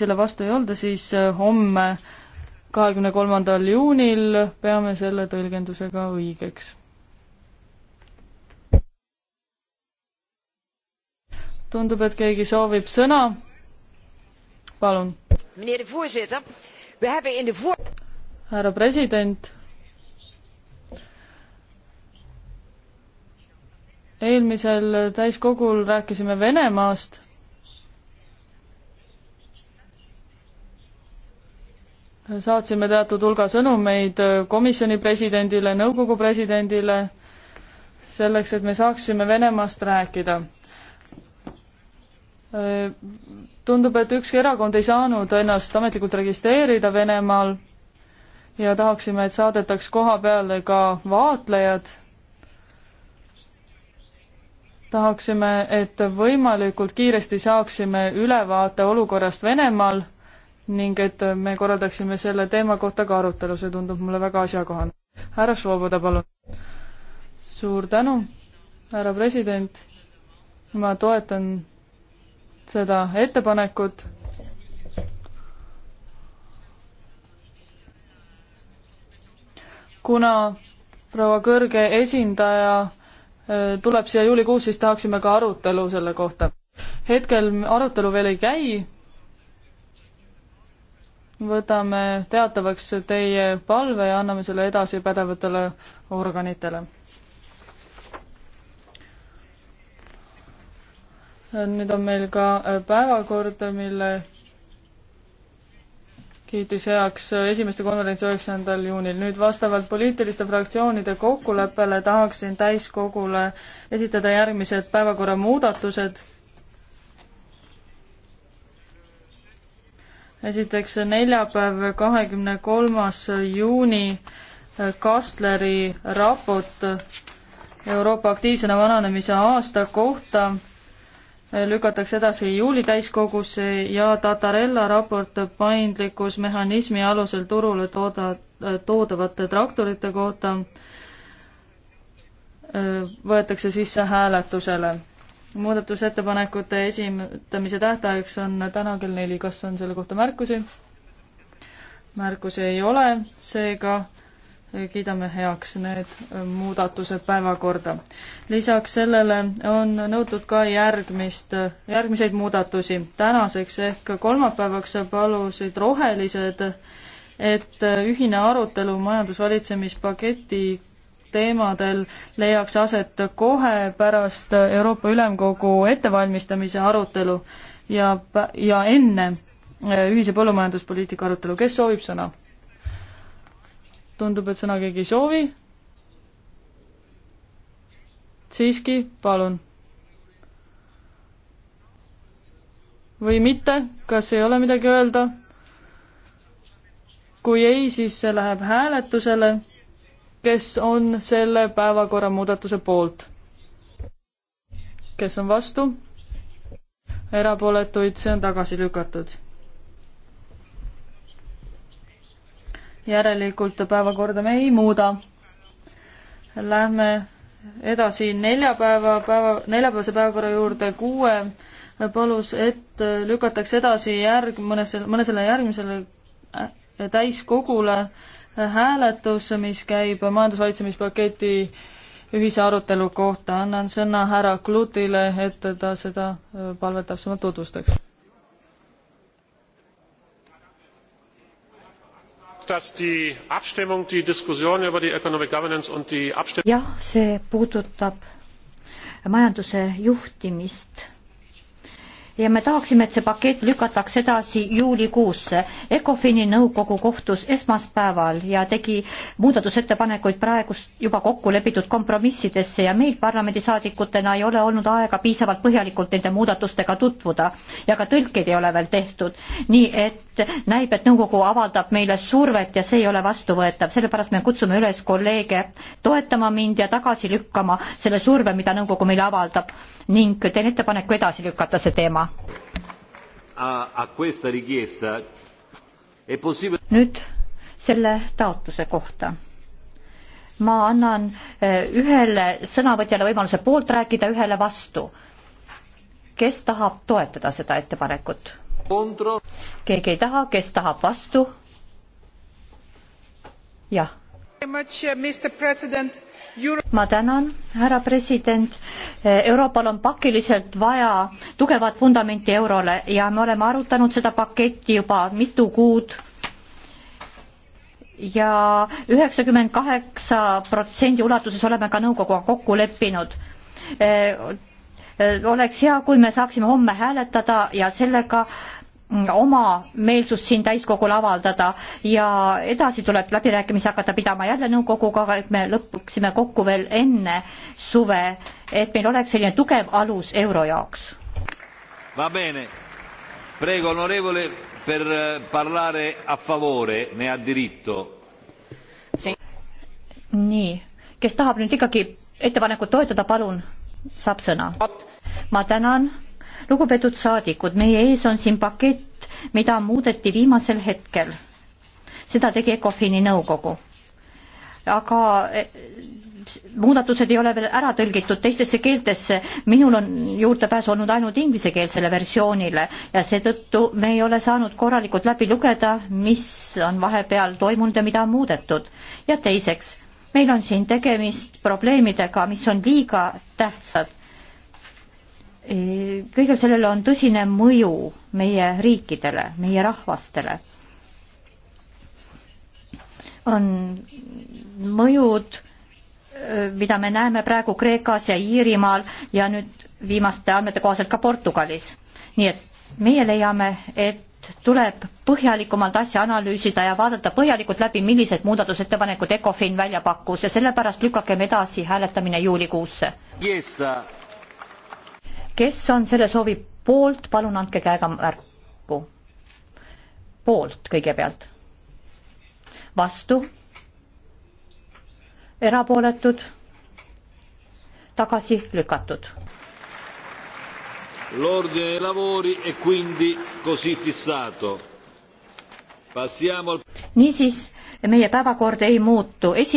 selle vastu ei olda, siis äh, homme, kahekümne kolmandal juunil peame selle tõlgendusega õigeks. tundub, et keegi soovib sõna. palun. härra president. eelmisel täiskogul rääkisime Venemaast saatsime teatud hulga sõnumeid komisjoni presidendile, nõukogu presidendile, selleks, et me saaksime Venemaast rääkida. tundub, et ükski erakond ei saanud ennast ametlikult registreerida Venemaal ja tahaksime, et saadetaks koha peale ka vaatlejad. tahaksime, et võimalikult kiiresti saaksime ülevaate olukorrast Venemaal ning et me korraldaksime selle teema kohta ka arutelu, see tundub mulle väga asjakohane. härra Švoboda, palun. suur tänu, härra president. ma toetan seda ettepanekut. kuna proua kõrge esindaja äh, tuleb siia juulikuus, siis tahaksime ka arutelu selle kohta. hetkel arutelu veel ei käi võtame teatavaks teie palve ja anname selle edasi pädevatele organitele. nüüd on meil ka päevakord, mille kiitis heaks esimeste konverentsi üheksandal juunil. nüüd vastavalt poliitiliste fraktsioonide kokkuleppele tahaksin täiskogule esitada järgmised päevakorra muudatused esiteks neljapäev, kahekümne kolmas juuni Kastleri raport Euroopa aktiivsena vananemise aasta kohta lükatakse edasi juuli täiskogusse ja Tatarella raport paindlikkusmehhanismi alusel turule tooda, toodavate traktorite kohta võetakse sisse hääletusele muudatusettepanekute esitamise tähtajaks on täna kell neli, kas on selle kohta märkusi? märkusi ei ole, seega kiidame heaks need muudatused päevakorda. lisaks sellele on nõutud ka järgmist, järgmiseid muudatusi. tänaseks ehk kolmapäevaks palusid rohelised, et ühine arutelu majandusvalitsemispaketi teemadel leiaks aset kohe pärast Euroopa Ülemkogu ettevalmistamise arutelu ja, ja enne äh, ühise põllumajanduspoliitika arutelu, kes soovib sõna? tundub, et sõna keegi ei soovi. siiski, palun. või mitte, kas ei ole midagi öelda? kui ei, siis see läheb hääletusele kes on selle päevakorra muudatuse poolt? kes on vastu? erapooletuid, see on tagasi lükatud. järelikult päevakorda me ei muuda. Lähme edasi neljapäeva päeva, neljapäevase päevakorra juurde kuue palus, et lükatakse edasi järg, mõne selle, mõne selle järgmisele äh, täiskogule hääletus, mis käib majandusvalitsemispaketi ühise arutelu kohta. annan sõna härra Klutile, et ta seda äh, palvet täpsemalt tutvustaks. jah, see puudutab majanduse juhtimist ja me tahaksime, et see pakett lükataks edasi juulikuusse. ECOFIN-i nõukogu kohtus esmaspäeval ja tegi muudatusettepanekuid praegust juba kokku lepitud kompromissidesse ja meil parlamendisaadikutena ei ole olnud aega piisavalt põhjalikult nende muudatustega tutvuda ja ka tõlkeid ei ole veel tehtud, nii et et näib, et nõukogu avaldab meile survet ja see ei ole vastuvõetav, sellepärast me kutsume üles kolleege toetama mind ja tagasi lükkama selle surve, mida nõukogu meile avaldab ning teen ettepaneku edasi lükata see teema. nüüd selle taotluse kohta ma annan e, ühele sõnavõtjale võimaluse poolt rääkida, ühele vastu. kes tahab toetada seda ettepanekut? keegi ei taha, kes tahab vastu? jah. Uh, ma tänan, härra president. Eh, Euroopal on pakiliselt vaja tugevat vundamenti eurole ja me oleme arutanud seda paketti juba mitu kuud ja üheksakümmend kaheksa protsendi ulatuses oleme ka nõukoguga kokku leppinud eh, Äh, oleks hea, kui me saaksime homme hääletada ja sellega mm, oma meelsust siin täiskogul avaldada ja edasi tuleb läbirääkimisi hakata pidama jälle nõukoguga, et me lõpuksime kokku veel enne suve, et meil oleks selline tugev alus euro jaoks. Va bene, prego onorevole per eh, parlare a favore, ne ha diritto. nii, kes tahab nüüd ikkagi ettepanekut toetada, palun saab sõna. ma tänan, lugupeetud saadikud, meie ees on siin pakett, mida muudeti viimasel hetkel. seda tegi ECOFIN-i nõukogu. aga e, muudatused ei ole veel ära tõlgitud teistesse keeltesse, minul on juurdepääs olnud ainult inglisekeelsele versioonile ja seetõttu me ei ole saanud korralikult läbi lugeda, mis on vahepeal toimunud ja mida on muudetud. ja teiseks meil on siin tegemist probleemidega, mis on liiga tähtsad. E, kõigel sellel on tõsine mõju meie riikidele, meie rahvastele. on mõjud, e, mida me näeme praegu Kreekas ja Iirimaal ja nüüd viimaste andmete kohaselt ka Portugalis. nii et meie leiame, et tuleb põhjalikumalt asja analüüsida ja vaadata põhjalikult läbi, millised muudatusettepanekud Ecofin välja pakkus ja sellepärast lükakem edasi hääletamine juulikuusse yes,. kes on selle soovi poolt, palun andke käega märku. poolt kõigepealt. vastu. erapooletud. tagasi lükatud l'ordine dei lavori è quindi così fissato. Passiamo al... Niisiis, meie päevakord ei muutu. Esi...